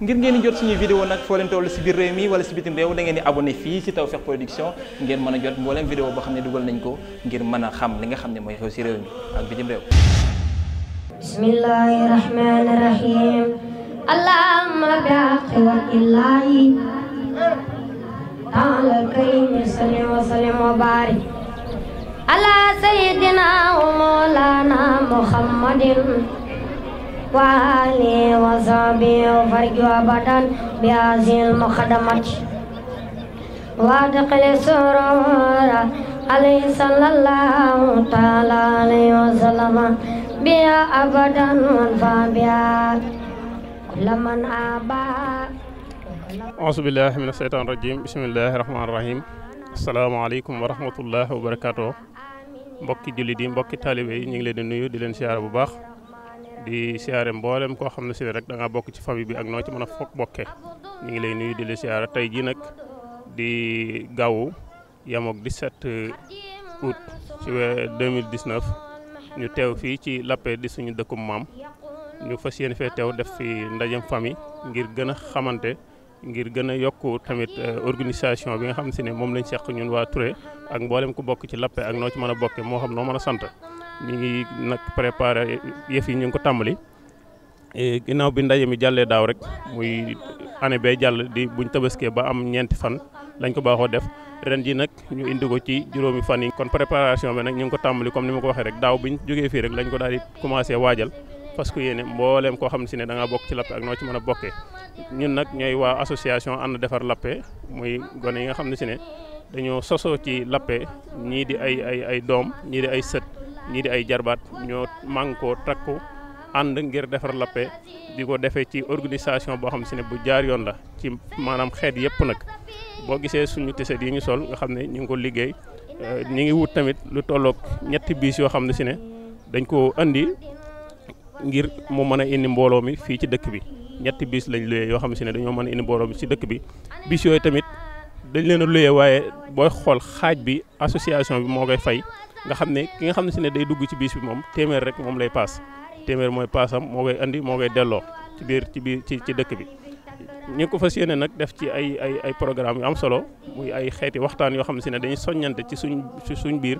ngir ngeen di jot suñuy vidéo nag foo leen si biir réew mi wala si bitim réew da ngeen di abonné fii si Tawfekh Production ngeen mën a jot mbooleem vidéo boo xam ne dugal nañ ko ngir mën a xam li nga xam ne mooy xew si réew mi ak bitim réew bismillahi rahmani rahim allahumma bihaqqi wa illahi ta'ala karim salli wa sallim wa barik ala sayyidina wa mawlana muhammadin وآله وصحبه وفرج أبدا بهذه المقدمة وادخل سرور عليه صلى الله تعالى عليه وسلم بها أبدا وانفع بها كل من أبى أعوذ بالله من الشيطان الرجيم بسم الله الرحمن الرحيم asalaamaaleykum wa rahmatullah wa barakaatu mbokki jullit yi mbokki taalibe yi ñu ngi leen di nuyu di leen siyaara bu baax di siyaare mboolem koo xam ne si rek da ngaa bokk ci famille bi ak noo ci mën a foog bokkee ñu ngi lay nuyu di la siyaare tey jii nag di gaawu yamook 17 août ci weer 2019 ñu teew fii ci Lappé di suñu dëkkum maam ñu fas yéene fee teew def fi ndajem famille ngir gën a xamante ngir gën a yokk tamit euh, organisation bi nga xam si ne moom lañ seq ñun waa Touré ak mboolem ku bokk ci Lappé ak noo ci mën a bokke moo xam noo mën a sant. ñu ngi nag préparé yëf ñu ngi ko tàmbali e, ginnaaw bi ndaje mi jàllee daaw rek muy année bee jàll di buñ tabaskee ba am ñeenti fan lañ ko baaxoo def ren ji nag ñu indi ko ci juróomi fan yi. kon préparation bi nag ñu ngi ko tàmbali comme ni ma ko waxee rek daaw biñ jógee fii rek ko daal di commencé waajal parce que yéene mbooleem koo xam si ne da ngaa bokk ci lappe ak ci mën a bokkee ñun nag ñooy waa association ànd defar lappe muy gone yi nga xam ne si ne dañoo sosoo ci lappe ñii di ay ay ay doom ñii di ay sët. ñii di ay jarbaat ñoo mànkoo takku ànd ngir defar lappe di ko defee ci organisation boo xam ne si ne bu jaar yoon la ci maanaam xeet yëpp nag boo gisee suñu tiset yi ñu sol nga xam ne ñu ngi ko liggéey euh, ñu ngi wut tamit lu tolloog ñetti biis yoo xam ne si ne dañ ko indi ngir mu mën a indi mbooloo mi fii ci dëkk bi ñetti biis lañ luyee yoo xam si ne dañoo mën a indi mbooloo mi ci dëkk bi biis yooyu tamit dañ leen a waaye booy xool xaaj bi association bi moo koy fay nga xam ne ki nga xam ne si ne day dugg ci biis bi moom téeméer rek moom lay paas téeméer mooy paasam moo koy andi moo koy delloo ci biir ci biir ci ci dëkk bi. ñu ko fas yéene nag def ci ay ay ay programme yu am solo muy ay xeeti waxtaan yoo xam ne si ne dañuy soññante ci suñ ci suñ biir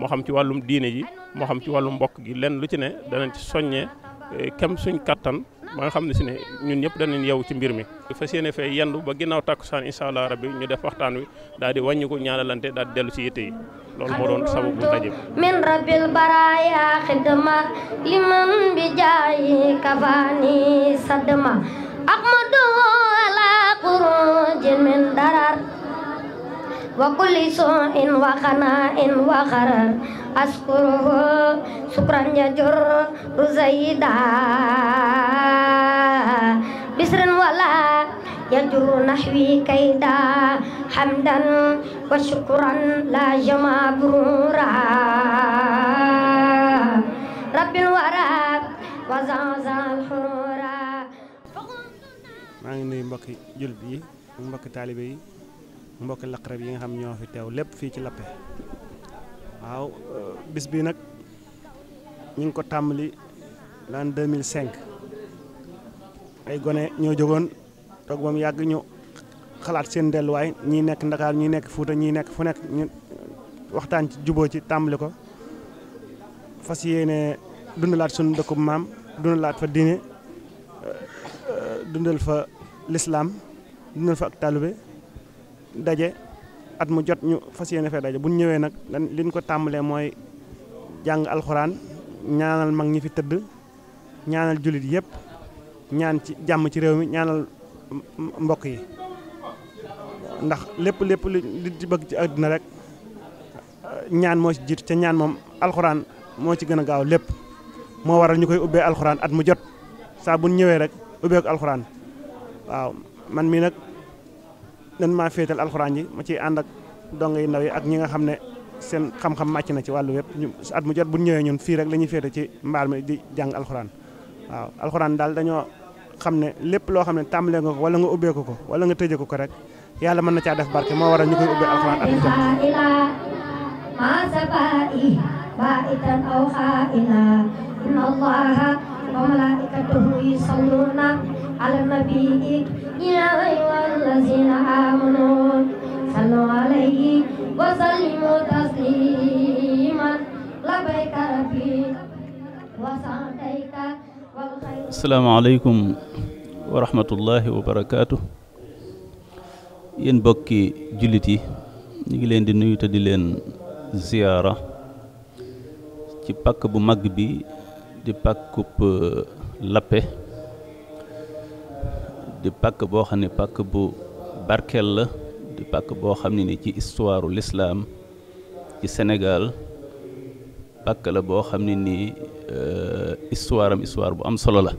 moo xam ci wàllum diine ji moo xam ci wàllum mbokk gi lenn lu ci ne danañ ci soññee eh, kem suñ kattan ba nga xam ne si ne ñun ñëpp danañ yow ci mbir mi. fas yéene fee yendu ba ginnaaw tàkkusaan incha allah bi ñu def waxtaan wi daal di wàññi ko ñaanalante daal di dellu ci yitte loolu moo doon sababu ndaje bi min rabbil baraya xidma liman bi jaayi kafaani sadma ahmadu ala qurujin min darar wa kulli su'in wa khana'in wa gharar askuruhu sukran yajur ruzayda bisrin wala يدر نحوي كيدا حمدا وشكرا لا جمع برورا رب الورى وزعزع الحرورا maa ngi nuyu mbokki jullit yi mbokki taalibe yi mbokki laqarab yi nga xam ñoo fi teew lépp fii ci Lappé waaw bis bi nag ñu ngi ko tàmbali l'an 2005 ay gone ñoo jógoon toog ba mu yàgg ñu xalaat seen delluwaay ñii nekk Ndakaar ñii nekk Fuuta ñii nekk fu nekk ñu waxtaan ci juboo ci tàmbali ko fas yéene dundalaat suñu dëkkub maam dundalaat fa diine euh, dundal fa lislaam dundal fa ak talube daje at mu jot ñu fas yéene fee daje bu ñëwee nag liñ ko tàmbalee mooy jàng alxuraan ñaanal mag ñi fi tëdd ñaanal jullit yëpp ñaan ci jàmm ci réew mi ñaanal mbokk yi ndax lépp lépp li di bëgg ci àddina rek ñaan moo ci jiitu ca ñaan moom alxuraan moo ci gën a gaaw lépp moo waral ñu koy ubbee alxuraan at mu jot saa bu ñëwee rek ubbeeku alxuraan waaw man mii nag dañ maa féetal alxuraan ji ma ciy ànd ak dong yi ndaw yi ak ñi nga xam ne seen xam-xam màcc na ci wàllu yëpp at mu jot bu ñëwee ñun fii rek la ñuy ci mbaal mi di jàng alxuraan waaw alxuraan daal dañoo. xam ne lépp loo xam ne tàmbalee nga ko wala nga ubbeeku ko wala nga tëjee ko ko rek yàlla mën na caa def barke moo waral ñu koy ubbee alxuraan ak jot وملائكته يصلون على النبي يا أيها الذين آمنوا صلوا عليه وسلموا تسليما لبيك ربي وسعديك والخير السلام عليكم wa rahmatullahi wa barakaatu yéen bokki jullit yi ñu ngi leen di nuyuta di leen ziyaara ci pàkk bu mag bi di pàkkub euh, lappe di pàkk boo xam ne pàkk bu barkeel la di pàkk boo xam ne ni ci histoire l'islam ci Sénégal pàkk la boo xam ne nii euh, histoire am histoire bu am solo la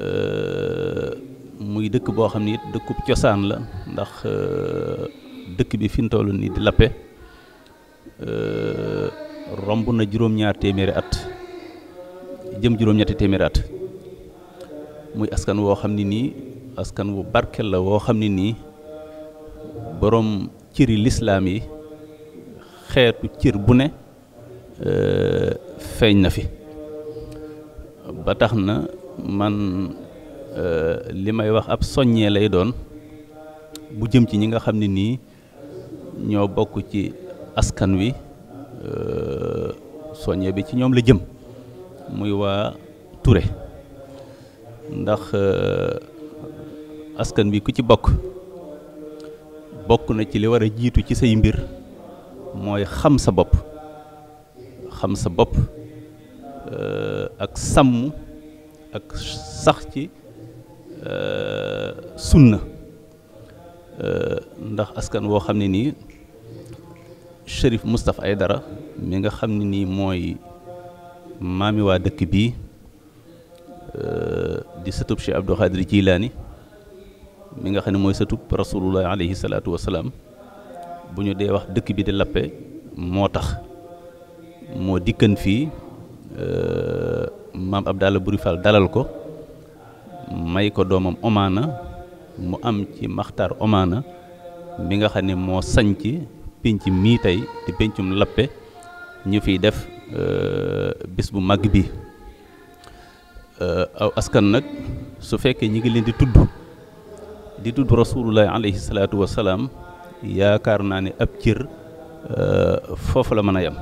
Euh, muy dëkk boo xam ne it dëkkub cosaan la ndax euh, dëkk bi fi mu toll nii di lappe euh, romb na juróom-ñaar téeméeri at jëm juróom-ñetti téeméeri at muy askan woo xam ne nii askan wu barkel la woo xam ne nii boroom cëri lislaam yi xeetu cër bu ne feeñ na fi ba tax na man euh, li may wax ab soññee lay doon bu jëm ci ñi nga xam ne nii ñoo bokk ci askan wi euh, soññee bi ci ñoom la jëm muy waa Touré ndax euh, askan wi ku ci bokk bokk na ci li war a jiitu ci say mbir mooy xam sa bopp xam sa bopp ak sàmm ak sax ci euh, sunna euh, ndax askan woo xam ne nii Chérif ay dara mi nga xam ne nii mooy maami waa dëkk bii euh, di sëtub Cheikh Abdou Khadir Jilaani mi nga xam ne mooy sëtub rasulullah alayhi salaatu wasalaam bu ñu dee wax dëkk bi di lappe moo tax moo dikkan fii maam Abdalla Buri Fall dalal ko may ko doomam Omaana mu am ci maxtar Omaana mi nga xam ne moo sanc pénc mii tey di péncum lappe ñu fi def euh, bis bu màgg bi euh, aw askan nag su fekkee ñi ngi leen di tudd di tudd rasulullahi alayhi salaatu wasalaam yaakaar naa ne ab cër euh, foofu la mën a yem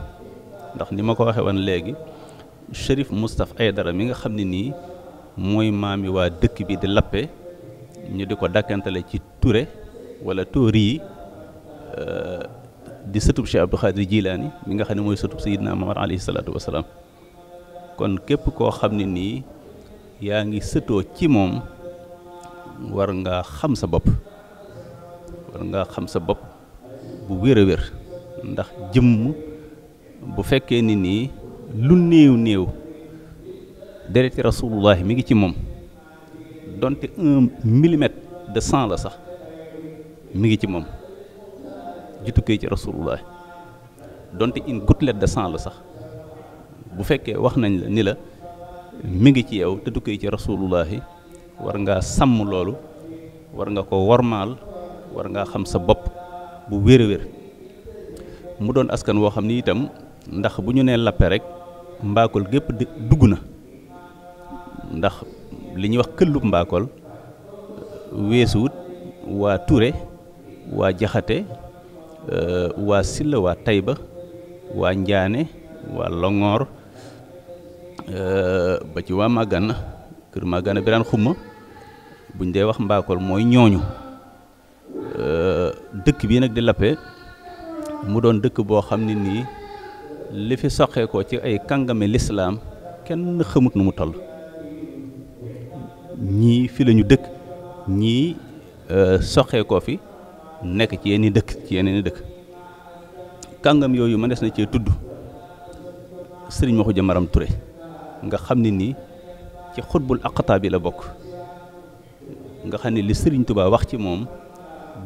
ndax ni ma ko waxe léegi Chérif Moustapha dara mi nga xam ne nii mooy maami waa dëkk bi di lappe ñu di ko dàkkantale ci ture wala Tóori yi euh, di sëtub Cheikh Abdou Khadir Jilaani mi nga xam ne mooy sëtub Sayyidina Mamar alayhi salaatu wasalaam kon képp koo xam ne nii yaa ngi sëtoo ci moom war ngaa xam sa bopp war ngaa xam sa bopp bu wéra a wér ndax jëmm bu fekkee ni nii lu néew néew dereti rasulullahi mi ngi ci moom donte un de sang la sax mi ngi ci moom ju tukkee ci rasulullahi donte une gouttelette de sang la sax bu fekkee wax nañ la ni la mi ngi ci yaw te tukkee ci rasulullahi war ngaa sàmm loolu war nga ko wormaal war ngaa xam sa bopp bu wér-wér mu doon askan woo xam ni itam ndax bu ñu nee lappe rek mbaakool gépp dugg na ndax li ñuy wax këllub mbaakool weesuwut waa ture waa Jaxate euh, waa Silla waa Tayba waa Njaane waa Longoor euh, ba ci waa Magana kër Magana Biraan Xumma buñ dee wax mbaakool mooy ñooñu euh, dëkk bii nag di Lappé mu doon dëkk boo xam ne nii li fi soqeekoo ci ay kàngame lislaam kenn xamut na mu toll ñii fi lañu dëkk ñii euh, soqeekoo fi nekk ci yenn dëkk ci yeneen dëkk kàngam yooyu ma des na cee tudd sëriñ Maxuja Maram ture nga xam ni nii ci xutbul aqtaab bi la bokk nga xam ne li sëriñ Tuubaa wax ci moom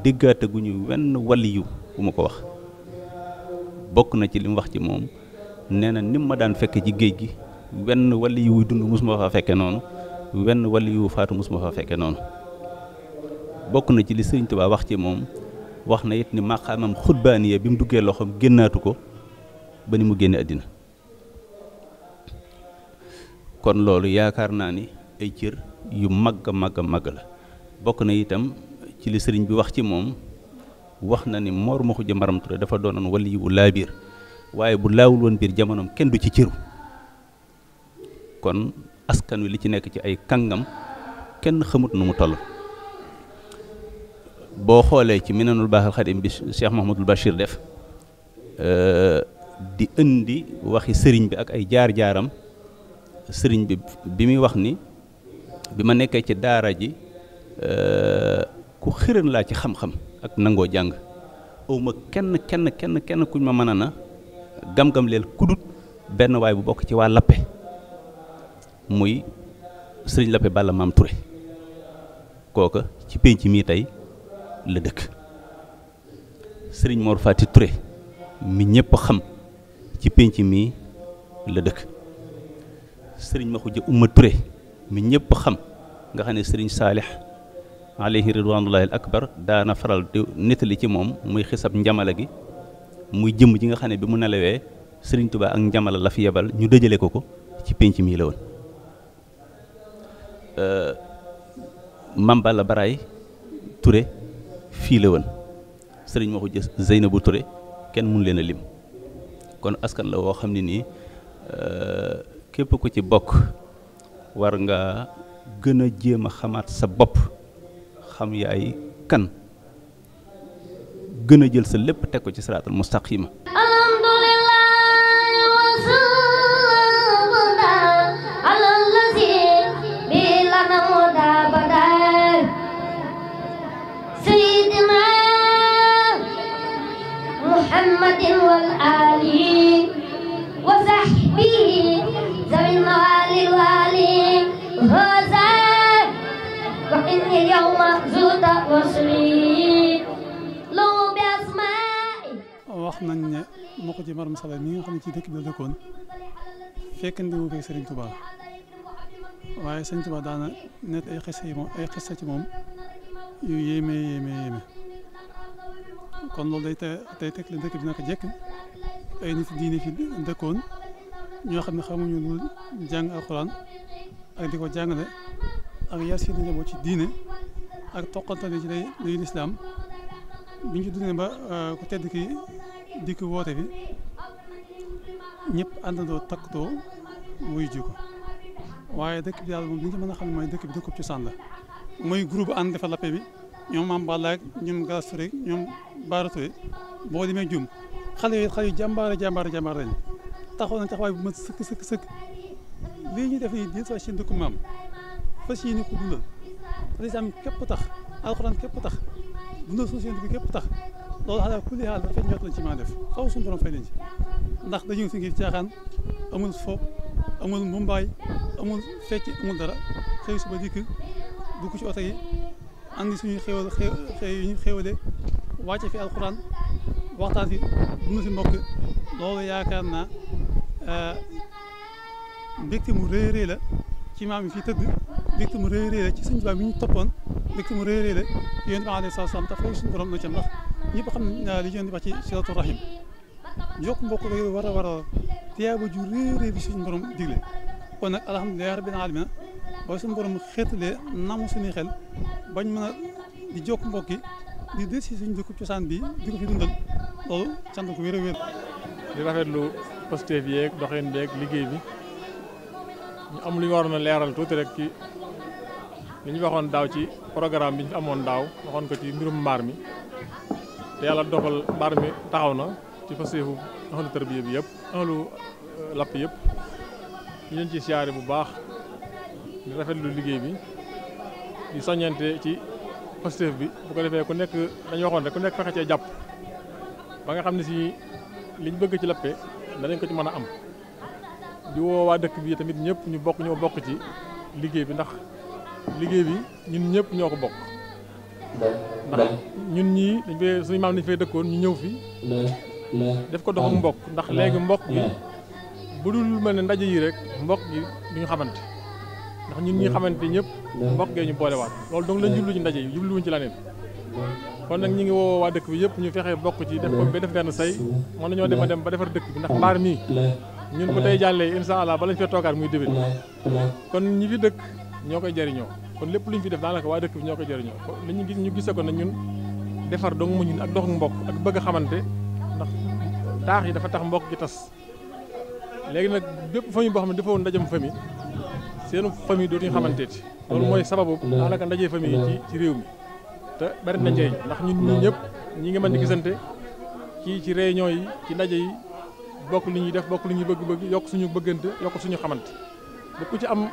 déggaate gu ñu wenn waliyu bu ma ko wax bokk na ci li wax ci moom nee na ni ma daan fekke ci géej gi wenn wàll yi wuy dund mosuma faa fekke noonu wenn wàll yu faatu mosuma faa fekke noonu bokk na ci li Sëriñ Tuubaa wax ci moom wax na it ni maqaamam xutbaaniya bi mu duggee loxoom génnaatu ko ba ni mu génne àddina kon loolu yaakaar naa ni ay cër yu mag a mag mag la bokk na itam ci li sëriñ bi wax ci moom wax na ni Mor Makhoudia Maram Touré dafa doonoon wali wu laa biir waaye bu laawul woon biir jamonoom kenn du ci cëru kon askan wi li ci nekk ci ay kàngam kenn xamut nu mu toll boo xoolee ci minanul baaxal xadim bi Cheikh Mahmadul Bachir def euh, di indi waxi sëriñ bi ak ay jaar-jaaram sëriñ bi bi muy wax ni bi ma nekkee ci daara ji euh, ku xërën laa ci xam-xam ak nangoo jàng awma kenn kenn kenn kenn kuñ ma mën a na gam-gam leel kudut benn waay bu bokk ci waa lappe muy sëriñ lappe balla maam Touré kooka ci pénc mii tey la dëkk sëriñ Mor Fati Touré mi ñëpp xam ci pénc mii la dëkk sëriñ Maxuja Umma Touré mi ñëpp xam nga xam ne sëriñ Saalix alayhi ridwanullahi al akbar daana faral di li ci moom muy xisab njamala gi muy jëm ji nga xam ne bi mu nelawee sëriñ Tuubaa ak njamala la fi yebal ñu dëjale ko ko ci pénc mii la woon euh, Mame Balla Baraay Touré fii la woon sëriñ ma ko jës bu ture kenn mun leen a lim kon askan la woo xam ne nii euh, képp ku ci bokk war nga gën a jéem a xamaat sa bopp xam yaay kan gën a jël sa lépp teg ko ci siraatal mustaqima اليوم زرت وصلي لو بأسمائي wax nañ ne moo ko ci maram sala mi nga xam ne ci dëkk bi la dëkkoon fekk ndiwu fekk Sëriñ Tuba waaye Sëriñ Tuba daana net ay xisa yi moom ay moom yu yéeme yéeme kon loolu day te day teg dëkk bi naka jekk ay nit diine fi dëkkoon ñoo xam ne xamuñu lu jàng alxuraan ak di ko jàngale ak yar seen njaboot ci diine ak toqantal ci day day lislaam bi ñu ci ba euh, ku tedd ki dikk woote bi ñëpp àndandoo takkatoo wuy ji ko waaye dëkk bi daal moom li ñu mën a xam ne mooy dëkk bi dëkkub cosaan la mooy groupe ànd defar lappe bi ñoom maam Balla ñoom Galas Touré ñoom Baara boo demee jum xale yi xale yu jàmbaare jàmbaare jàmbaare lañu taxaw na taxawaay bu ma sëkk sëkk sëkk lii ñu def nii di sa seen dëkku maam fas yéene ko dundal lislaam képp tax alxuraan képp tax dundal suñu séntu bi képp tax loolu xanaa ku li xaal rafet ñoot lañ ci maa def faw suñu borom fay leen ci ndax dañu ngi si ngir caaxaan amul fo amul fecc amul dara xëy suba dikk dugg ci oto yi andi suñu xéwal xëy yu ñu xéwalee wàcce fi alxuraan waxtaan si dund si mbokk loolu yaakaar naa euh, mbégte mu rëy la ci maam yi fi tëdd mbégte mu rëy rëy ci sëñ Tuubaa bi ñu toppoon mbégte mu rëy rëy la yonent bi alayhi salaam te fay suñu borom na ci ndax ñëpp xam ne ah, li yonent bi wax ci silatu rahim jokk mbokk la war a war a tiyaaba ju rëy rëy bi suñu borom digle kon nag alhamdulilah rabbil alamin ba suñu borom xeetalee namu suñuy xel bañ mën a di jokk mbokk yi di des si suñu dëkku cosaan bi di ko fi dundal loolu sant ko wér a wér di rafetlu posté bi yeeg doxin bi ñu am lu ñu tuuti rek li ñu waxoon daaw ci programme bi ñu fi amoon daaw waxoon ko ci mbirum mbaar mi te yàlla dogal mbaar mi taxaw na ci faseefu ahlu tarbiya bi yëpp ahlu euh, lapp yëpp ñu leen ci siyaare bu baax di rafetlu liggéey bi di soññante ci faseef bi bu ko defee ku nekk dañu waxoon rek ku nekk fexe cee jàpp ba nga xam ne si liñ bëgg ci lappe danañ ko ci mën a am di woo dëkk bi tamit ñëpp ñu bokk ñoo bokk ci liggéey bi ndax liggéey bi ñun ñëpp ñoo ko bokk ndax ñun ñii dañ fay suñu maam dañu fay dëkkoon ñu ñëw fi def ko doxam mbokk ndax léegi mbokk bi bu dul mel ne ndaje yi rek mbokk gi duñu xamante ndax ñun ñi xamante ñëpp mbokk gee ñu boolewaat loolu doon lañ jublu ci ndaje yi jubluwuñ ci leneen kon nag ñu ngi woo waa dëkk bi yëpp ñu fexe bokk ci def ko ba def benn say mën nañoo dem a dem ba defar dëkk bi ndax mbaar mii ñun ko tey jàllee incha allah ba lañ fee ñoo koy jëriñoo kon lépp lu ñu fi def daanaka waa dëkk bi ñoo koy jëriñoo li ñu gis ñu gisee ko na ñun defar dong mu ak dox mbokk ak bëgg xamante ndax taax yi dafa tax mbokk gi tas léegi nag bépp famille boo xam ne dafa woon ndajam famille seen famille dootuñu mm. xamanteeti loolu mooy sababu mm. daanaka ndaje famille yi ci ci réew mi te bari na njëriñ ndax ñun ñii mm. ñëpp ñi ngi mën ni gisante kii ci réunion yi ci ndaje yi bokk li ñuy def bokk li ñuy bëgg-bëgg yokk suñu bëggante yokk suñu xamante ba ku ci am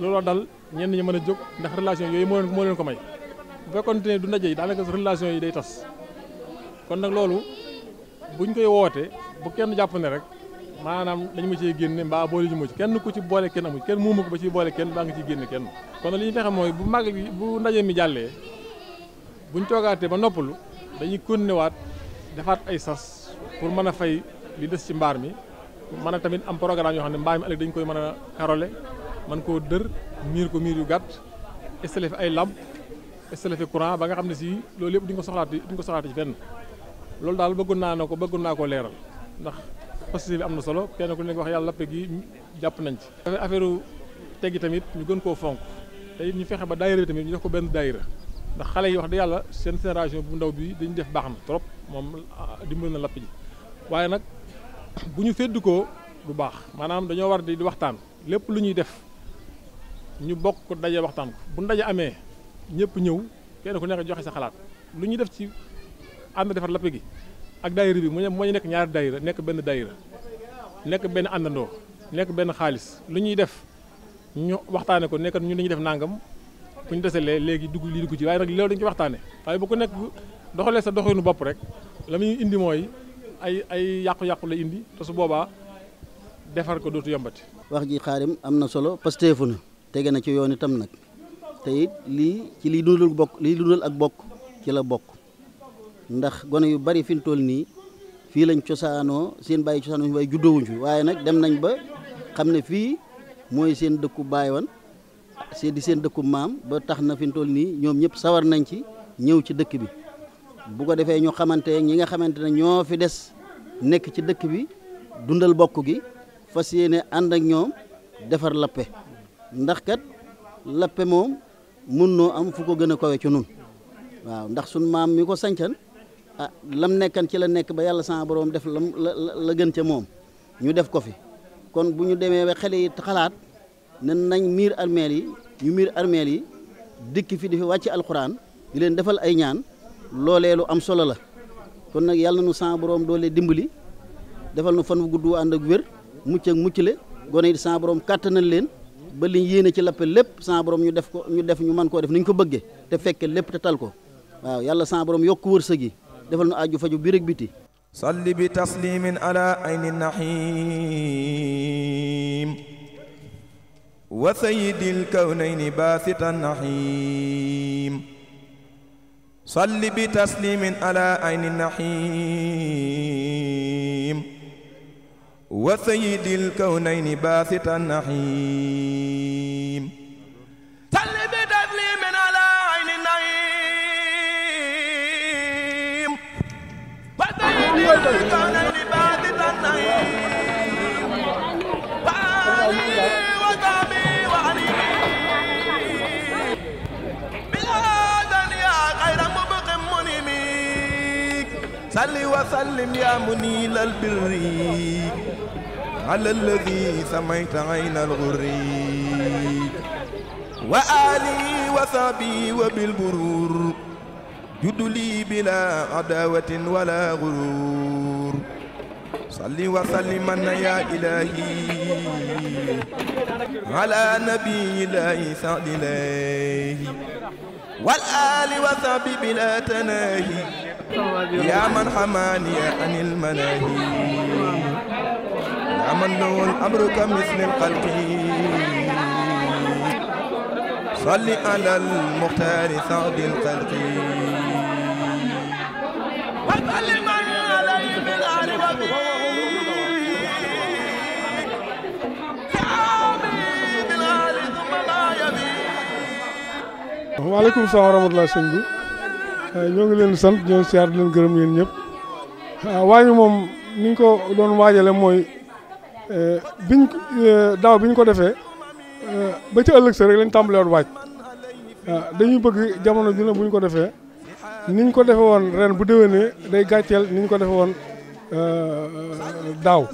looloo dal ñenn ñi mën a jóg ndax relation yooyu moo leen ko may bu fekkoonte ne du ndaje yi daanaka relation yi day tas kon nag loolu buñ koy woote bu kenn jàpp ne rek maanaam dañ ma ciy génne mbaa boole ji ma ci kenn ku ci boole kenn amu kenn muumu ko ba ciy boole kenn mbaa nga ciy génne kenn kon li ñu fexe mooy bu màgg bi bu ndaje mi jàllee buñ toogaatee ba noppalu dañuy continuewaat defaat ay sas pour mën a fay li des ci mbaar mi mën a tamit am programme yoo xam ne mbaar mi ëllëg dañ koy mën a karole man koo dër miir ko miir yu gàtt installé ay làmp installé fi courant ba nga xam ne si loolu yëpp duñ ko soxlaati duñ ko soxlaati ci fenn loolu daal bëggoon naa ne ko bëggoon naa koo leeral ndax positif bi am na solo kenn ku nekk wax yàlla lappe gi jàpp nañ ci. affaire teggi tamit ñu gën koo fonk te ñu fexe ba daayira bi tamit ñu def ko benn daayira ndax xale yi wax di yàlla seen génération bu ndaw bii dañu def baax na trop moom ah, dimbal na lapp ji waaye nag bu ñu fédd koo du baax maanaam dañoo war di waxtaan lépp lu ñuy def. ñu bokk ko daje waxtaan ko bu ndaje amee ñëpp ñëw kenn ku nekk joxe sa xalaat lu ñuy def ci ànd defar lappe gi ak dayre bi mu moo ñu nekk ñaari daayira nekk benn daayira nekk benn àndandoo nekk benn xaalis lu ñuy def ñu waxtaane ko nekkat ñu li ñuy def nangam bu ñu deselee léegi dugg lii dugg ci waaye nag loolu dañu ko waxtaane waaye bu ko nekk doxalee sa doxinu bopp rek la muy indi mooy ay ay yàqu-yàqu la indi te su boobaa defar ko dootu yombati. wax ji xaarim am na solo parce que tege na ci yoon itam nag te lii ci lii dundal bokk lii dundal ak bokk ci la bokk ndax gone yu bari fi toll nii fii lañ cosaanoo seen bàyyi cosaanoo ñu waaye juddoowuñ waaye nag dem nañ ba xam ne fii mooy seen dëkku baay wan di seen dëkku maam ba tax na fi mu nii ñoom ñëpp sawar nañ ci ñëw ci dëkk bi bu ko defee ñu xamante ñi nga xamante ne ñoo fi des nekk ci dëkk bi dundal bokk gi fas yéene ànd ak ñoom defar lappe ndax kat lappe moom mun noo am fu ko gën a kawe ci nun waaw ndax sun maam mi ko sancan ah lam nekkan ci la nekk ba yàlla sama borom def la la gën ca moom ñu def ko fi kon bu ñu demee ba xale yi xalaat ne nañ miir armeel yi ñu miir armeel yi dikk fi di fi wàcc alxuraan di leen defal ay ñaan loolee lu am solo la kon nag yàlla nu sama borom doole dimbali defal nu fan wu gudd ànd ak wér mucc ak mucc le gone yi sama borom kàttanal leen. ba liñ yéene ci lappe lépp sans ñu def ko ñu def ñu mën koo def ni ko bëgge te fekke lépp te tal ko waaw yàlla sans borom yokk wërsëg yi defal nu aju faju biir ak biti salli bi taslimin ala ayni nahim wa sayyidil kawnayni baasitan nahim nahim wa sayyidil kawnayni baasitan naxiim salli bi tasliimin alaa ayni naxiim wa sayyidil kawnayni baasitan naxiim wa aalihi wa sahbihi wa alihi bilaadan yaa xayra mubqin munimik salli wa sallim yaa muniilal birri على الذي سميت عين الغر وآلي وصحبي وبالبرور جد لي بلا عداوة ولا غرور صل وسلما يا إلهي على نبي الله صل إليه والآل وصحبي بلا تناهي يا من حماني عن المناهي amal na woon amruka misli xalqi salli alal muxtaari saadil xalqi waaleykum salaam wa rahmatulah sëñ bi ñoo ngi leen sant ñoo siyaar di leen gërëm yéen ñëpp waaye moom ni doon waajale mooy Euh, biñ euh, daaw biñ ko defee euh, ba ci ëllëg sa rek lañ tàmbalewoon waaj dañuy bëgg jamono ju ne buñ ko defee niñ ko defe woon ren bu déwénee day gàcceel niñ ko defe woon daaw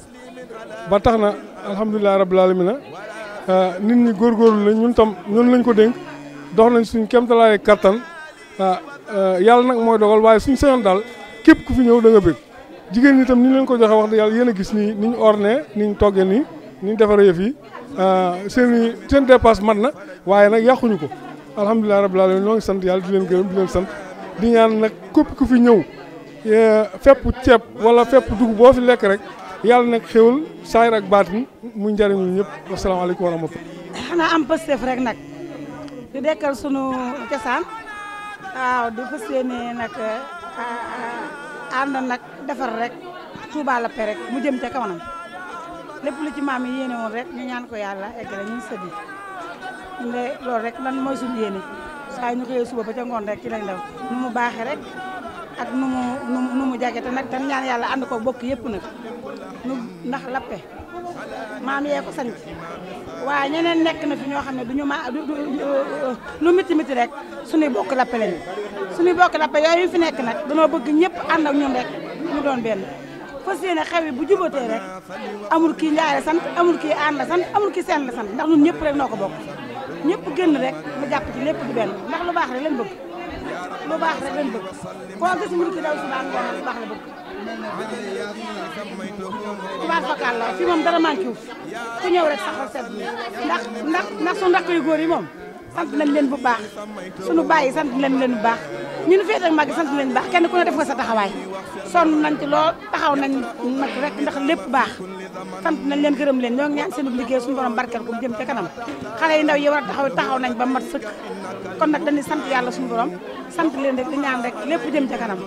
ba tax na alhamdulilah rabbil alamina nit ñi góorgóorlu lañ ñun tam ñoon lañ ko dénk dox nañ suñ kéemtalaay kattan yàlla nag mooy dogal waaye suñ sañoon daal képp ku fi ñëw da nga bëgg jigéen ñi itam ni leen ko joxe wax dëgg yàlla yéen gis nii ni ñu orné ni ñu toggee nii ni ñu defaree yëf yi euh, seen seen dépasse mat na waaye nag yàquñu ko alhamdulilah rabbil alamin ñoo ngi sant yàlla di leen gërëm di leen sant di ñaan nag képp ku fi ñëw euh, fépp ceeb wala fépp dugub boo fi lekk rek yàlla nag xéwal saayir ak baatin mu njëriñu ñëpp asalaamaaleykum wa rahmatulah. xanaa am pëstef rek nag di dekkal sunu cosaan waaw di fas yéene euh, ànd nag defar rek Touba Lappé rek mu jëm ca kawanam lépp lu ci maam yi yéene woon rek ñu ñaan ko yàlla eggale ñu sët yi ñu ne loolu rek lan mooy suñu yéene saa ñu xëyee suba ba ca ngoon rek ci lañ daw nu mu baaxee rek ak nu mu nu mu jagete nag tan ñaan yàlla ànd ko bokk yëpp nag nu ndax Lappé maam yee ko sanc waaye ñeneen nekk na fi ñoo xam ne duñu ma lu miti miti rek suñuy bokk lappe lañu suñuy bokk lappe yooyu fi nekk nag danoo bëgg ñëpp ànd ak ñun rek mu doon benn fas yéene xew bu jubatee rek amul kii Njaay la sant amul kii san la sant amul Seen la sant ndax ñun ñëpp rek noo ko bokk ñëpp génn rek mu jàpp ci lépp di benn ndax lu baax rek lañ bëgg lu baax rek lañ bëgg koo gis mu daw si baax lu baax la bëgg tubaar fakkaal la fi moom dara manqué wuf ku ñëw rek saxal set ndax ndax ndax su ndax yu góor yi moom sant nañ leen bu baax sunu bàyyi sant nañ leen bu baax ñun feet ak mag yi sant leen bu baax kenn ku ne def nga sa taxawaay sonn nañ ci lool taxaw nañ nag rek ndax lépp baax sant nañ leen gërëm leen ñoo ngi ñaan seen liggéey suñu borom barkeel ko mu jëm ca kanam xale yi ndaw yi war a taxaw taxaw nañ ba mat sëkk kon nag dañuy sant yàlla suñu borom sant leen rek di ñaan rek lépp jëm ca kanam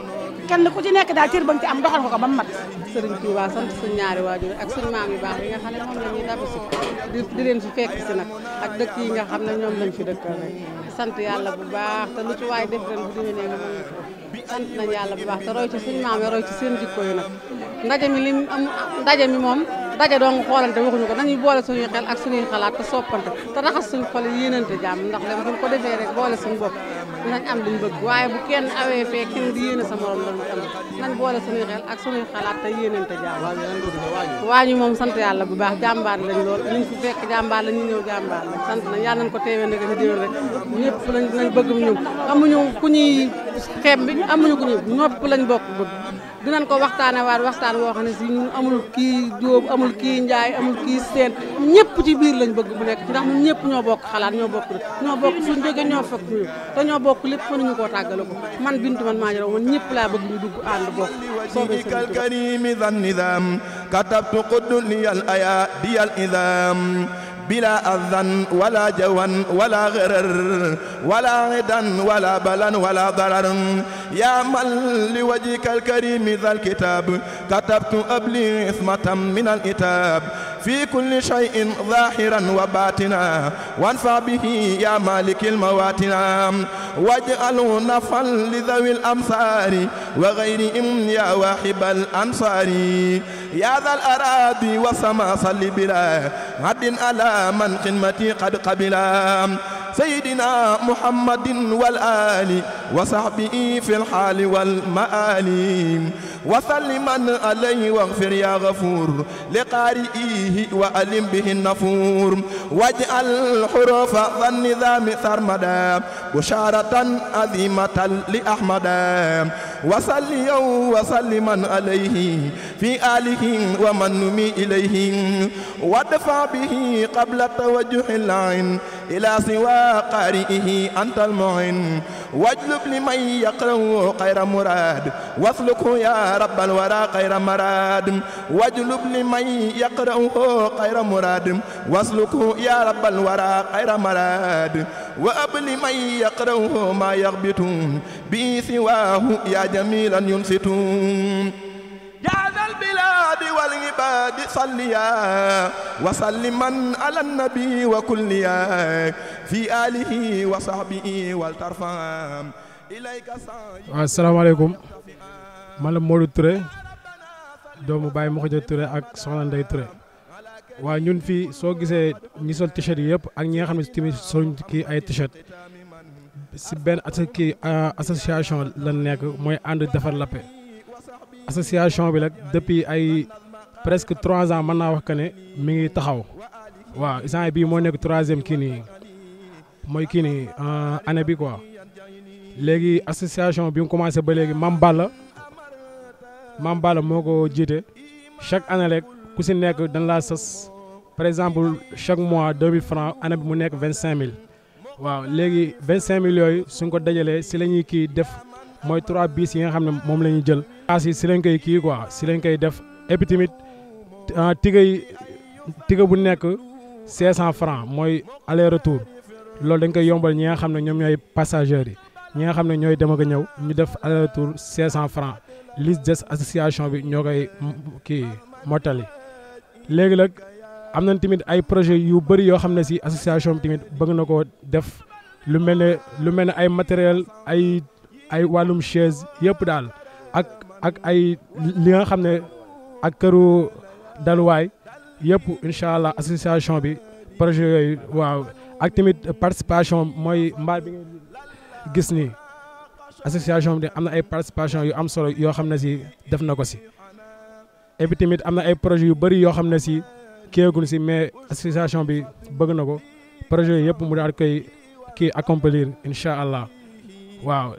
kenn ku ci nekk daal cër ba ci am doxal ko ko ba mu mat. sëriñ Tuubaa sant suñ ñaari waajur ak suñ maam yu baax yi nga xam ne moom la ñuy di leen fi fekk si nag ak dëkk yi nga xam ne ñoom lañ fi dëkkal rek sant yàlla bu baax te lu ci waay def ren bu diñu nee nga sant nañ yàlla bu baax te roy suñ maam yi roy ci seen jikko yi nag ndaje mi lim am ndaje mi moom daje dong xoolante waxuñu ko dañuy boole suñuy xel ak suñuy xalaat te soppante te raxas suñu xol yéenante jàmm ndax dem buñ ko defee rek boole suñu bopp dinañ am luñ waaye bu kenn awee fee kenn di yéene sa la am nañ boole suñuy xel ak suñuy xalaat ta yéenante jàmm waañu moom sant la bu baax jàmbaar lañ lool liñ fi fekk jàmbaar lañ ñu ñëw jàmbaar lañ sant nañ yàlla nañ ko teewee ndeke ñu déwén rek ñëpp lañ nañ bëgg ñu amuñu ku ñuy xeeb bi amuñu ku ñuy ñëpp lañ bokk bëgg dinañ ko waxtaane waat waxtaan woo xam ne si ñun amul kii Jóob amul kii Njaay amul kii Seen ñëpp ci biir lañ bëgg bu nekk ndax ñun ñëpp ñoo bokk xalaat ñoo bokk ñoo bokk suñ jóge ñoo fekk ñu te ñoo bokk lépp mënuñu koo tàggale ko man bintu man maa man ñëpp laa bëgg ñu dugg ànd bokk soobee sa karimi dhan nidam i qudni al bila adan wala jawan wala gharar wala idan wala balan wala darar ya man li wajhika al karim zal kitab katabtu abli ismatan min al itab في كل شيء ظاهرا وباطنا وانفع به يا مالك المواتنا واجعله نفعا لذوي الأمصار وغيرهم يا واحب الأنصار يا ذا الأراضي والسماء صل بلا عد على من خدمتي قد قبلا سيدنا محمد والآل وصحبه في الحال والمآليم وسلما عليه واغفر يا غفور لقارئيه وألم به النفور واجعل حروف النظام سرمدا بشارة عظيمة لأحمد وصلي وسلما عليه في آله ومن نمي إليه وادفع به قبل توجه العين إلى سوى قارئه أنت المعن واجلب لمن يقرأ خير مراد واسلكه يا رب الورى خير مراد واجلب لمن يقرأه خير مراد واسلكه يا رب الورى خير مراد وأب لمن يقرأه ما يغبط به سواه يا جميلا ينصت jaadal bilaadi wal ibaadi salliya wa salliman ala nabi wa kulliya fi alihi wa ture wal tarfam ilayka waaw asalaamaaleykum man ak Soxna Ndeye Touré waaw ñun fii soo gisee ñi sol t-shirt yëpp ak ñi nga xam ne tamit soluñ kii ay t-shirt si benn as kii euh, association la nekk mooy ànd defar la association bi nag depuis ay presque trois ans man naa wax que ne mi ngi taxaw waaw instant bii moo nekk troisième kii nii mooy kii nii euh, année bi quoi léegi association bi mu commencé ba léegi Mame Balla Mame moo ko jiite chaque année rek ku si nekk dañ laa sës par exemple chaque mois 2000 francs année bi mu nekk mille waaw léegi 25000 yooyu suñ ko dajalee si la ñuy kii def mooy trois bis yi nga xam ne moom la ñuy jël. aas si lañ koy kii quoi si lañ koy def et puis tamit tigay ah, tiga bu nekk 500 francs mooy aller loolu dañ koy yombal ñi nga xam ne ñoom ñooy passagers yi ñi xam ne ñooy dem ak ñëw ñu def aller retour 500 francs lis des association bi ñoo koy kii mottali léegi nag am na tamit ay projet yu bëri yoo xam ne si association bi tamit bëgg na ko def lu mel ne lu mel ne ay matériel ay ay wàllum chaise yëpp daal ak ay li nga xam ne ak këru daluwaay yëpp incha allah association bi projet yooyu waaw ak tamit participation mooy mbaar bi nga gis ni association bi am na ay participation yu am solo yoo xam ne si def na ko si et puis am na ay projet yu bari yoo xam ne si kéegul si mais association bi bëgg na ko projet yooyu yëpp mu daal koy kii accomplir incha allah waaw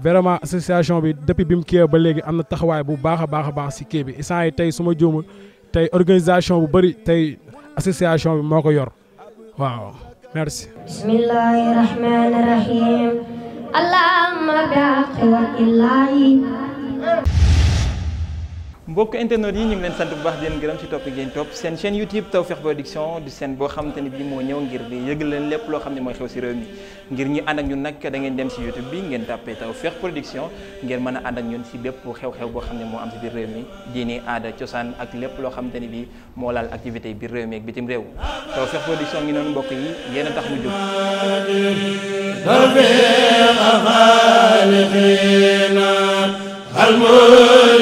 vraiment association bi depuis bi mu kiiwee ba léegi am na taxawaay bu baax a baax a baax si kii bi instant yi tey su ma juumul tey organisation bu bëri tey association bi moo ko yor waaw merci bismillahi mbokk internet yi ñu ngi leen sant bu baax di leen gërëm ci topp gi ngeen topp seen chaîne YouTube Tawfekh Production di seen boo xamante ni bi moo ñëw ngir di yëgal lépp loo xam ne mooy xew ci réew mi ngir ñu ànd ak ñun nag da ngeen dem ci YouTube bi ngeen tàppee Tawfekh Production ngeen mën a ànd ak ñun ci bépp xew-xew boo xam ne moo am ci biir réew mi diini aada cosaan ak lépp loo xamante ne bi moo laal activité biir réew mi ak bitim réew Tawfekh Production ngi noonu mbokk yi yéen a tax mu